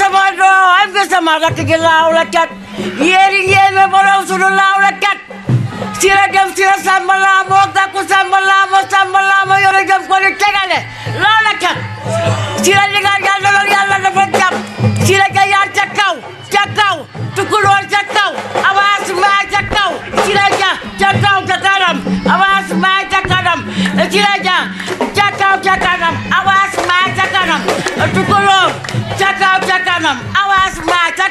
sama doom nga sama rakk gi laaw la cat yéeri yéeme borom sunu laaw la cat sira dem sira sàmba laamo gàkku sàmba laamo sàmba laamo yore dem ko di tegale laaw la cat sira li nga jàndaloon yàlla dafa jàpp sira ga yaar ca kaw ca kaw tukulóor ca kaw awaas mbaay ca kaw sira ja ca kaw ca kanam awaas mbaay ca kanam sira ja tukuloo ca kaw ca kanam awaas mbaa ca